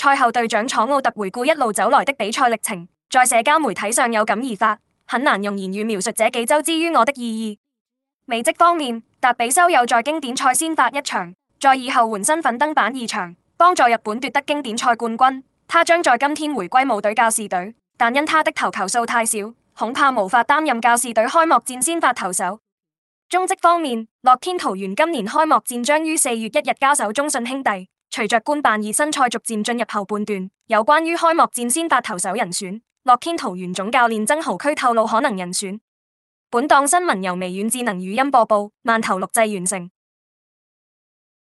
賽後隊長楚奧特回顧一路走來的比賽歷程，在社交媒體上有感而發，很難用言語描述這幾周之於我的意義。美職方面，達比修有在經典賽先發一場，再以後援身份登板二場，幫助日本奪得經典賽冠軍。他將在今天回歸母隊教士隊，但因他的投球數太少，恐怕無法擔任教士隊開幕戰先發投手。中職方面，樂天桃猿今年開幕戰將於四月一日交手中信兄弟。隨着官辦二新賽逐漸進入後半段，有關於開幕戰先發投手人選，樂天桃猿總教練曾豪駒透露可能人選。本檔新聞由微軟智能語音播報，慢投錄製完成。